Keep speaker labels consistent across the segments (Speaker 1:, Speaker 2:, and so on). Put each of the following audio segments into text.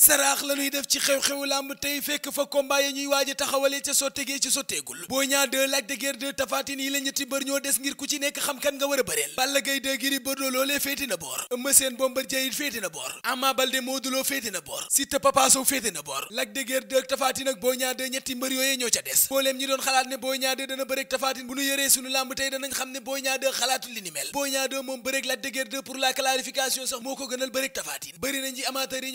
Speaker 1: saraax la ñuy def ci xew-xewu làmb tey fekk fa combat yi ñuy waaj a taxawalee ca sottegee ci sotteegul Boy Niang 2 Lac de yi la ñetti bër ñoo des ngir ku ci nekk xam kan nga war a bëreel Balla Gaye 2 Gris Bordeaux loolee féete na boor Eumeu Sène Bombardier it féete boor Ama Baldé Modou Lô féete boor Siteu Papa Sow féete boor Lac de ak Tapha ak Boy Niang ñetti mbër yooyee ñoo ca des mbooleem ñi doon xalaat ne Boy Niang 2 dana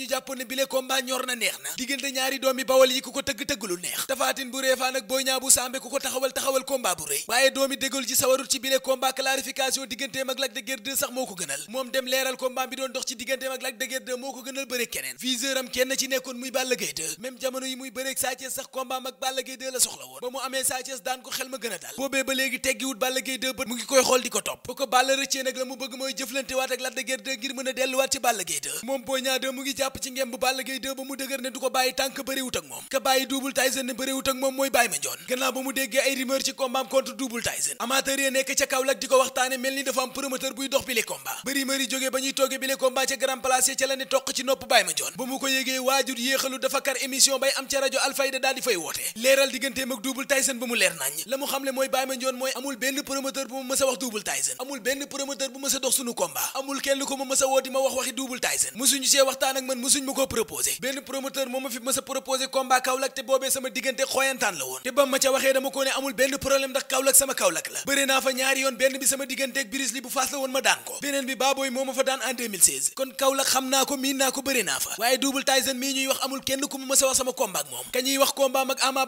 Speaker 1: bëreeg combat ñor na neex na diggante ñaari doomi bawal yi ku ko tëgg tëgg lu neex tafaatin bu reefaan ak Boy Niang bu saambe ku ko taxawal taxawal combat bu rëy waaye doomi dégol ji sawarut ci bile combat clarification digganteem ak Lac de sax moo ko gënal moom dem leeral combat bi doon dox ci digganteem ak Lac de moo ko gënal bëre keneen viseur kenn ci nekkoon muy Balla Gaye 2 même yi muy bëreeg Sa sax combat ak Balla Gaye a dal boobee ba léegi a delluwaat ci Balla Gaye 2 moom Boy Niang 2 mu ngi jàpp Balla Gaye 2 ca la ne toq ci nopp Baye Mandione ba mu ko yégee waajur yéexalu dafa kar émission bay am ca rajo Alfayda daal fay woote leeral digganteem ak Double Tyson ba mu leer naññ la mu xamle mooy Baye Mandione mooy amul benn promoteur bu ma mës wax Double Tyson amul benn promoteur bu mës a dox sunu combat amul kenn ko ma mës a di ma wax waxi Double Tyson musuñu see waxtaan ak man musuñ ma ko proposé benn promoteur moo ma fi mës a proposé combat te boobee sama diggante xooyantaan la woon te ba ma ca waxee dama ko ne amul benn problème ndax Kaolack sama Kaolack la bëri fa ñaari yoon benn bi sama diggante ak Biris bu faas la woon ma daan ko beneen bi Baboy moo ma fa daan en kon Kaolack xam naa ko miin naa ko bëri fa waaye Double Tyson mii ñuy wax amul kenn ku mu mës wax sama combat moom ka ñuy wax combat ak Ama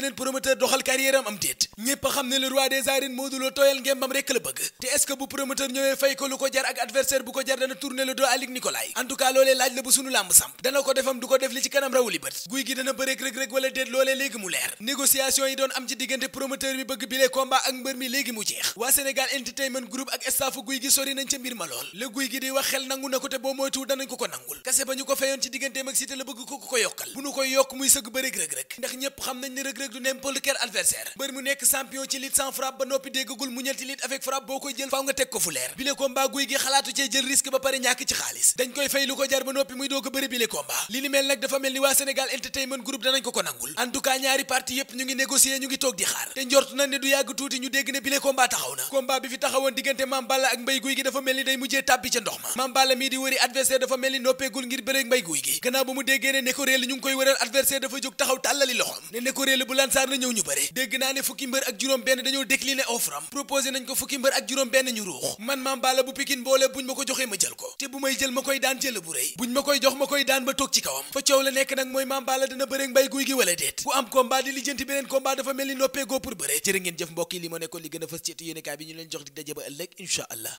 Speaker 1: beneen promoteur doxal carrière am déet ñépp xam ne le roi des arènes Modou tooyal ngembam rekk la bëgg te est bu promoteur ñëwee fay ko lu ko jar ak adversaire bu ko jar dana tourner le dos à Luc Nicolaï en laaj la bu sunu làmb samp dana ko defam du ko def li ci kanam rawuli bët guy gi dana bëreek rek rek wala déet loolee léegi mu leer négociation yi doon am ci diggante promoteur bi bëgg bile combat ak mbër mi léegi mu jeex du n'importe quel adversaire mbër mu nekk champion ci lutte sans frappe ba noppi déggagul mu ñal ci avec frappe boo koy jël faaw nga teg ko fu leer bile combat guy gi xalaatu cee jël risque ba pare ñàkk ci xaalis dañ koy fay lu ko jar ba noppi muy doog a bëri bile combat li ni mel nag dafa mel ni waa Sénégal Entertainment Group danañ ko ko nangul en ñaari parti yépp ñu ngi négocier ñu ngi toog di xaar te njort na ne du yàgg tuuti ñu dégg ne bile combat na combat bi fi taxawoon diggante Mame Balla ak Mbaye Gouye Gui dafa mel ni day mujjee tàbbi ca ndox ma Mame Balla mii di mel ni noppeegul ngir bëre ak Mbaye Gouye Gui gannaaw ba mu déggee ne ne ko réel ñu taxaw tàllali loxoom Bougane Sarr na ñëw ñu bëre dégg naa ne fukki mbër ak juróom benn dañoo décliné offre am proposé nañ ko fukki mbër ak juróom benn ñu ruux man maam Balla bu Pikine boole buñ ma ko joxee ma jël ko te bu may jël ma koy daan jël bu rëy buñ ma koy jox ma koy daan ba toog ci kawam fa coow la nekk nag mooy maam Balla dina bëre mbay guy gi wala déet bu am combat di lijjanti beneen combat dafa mel ni noppee goo pour bëre jërë ngeen jëf mbokk li ma nekkoon a fës ci yéenekaay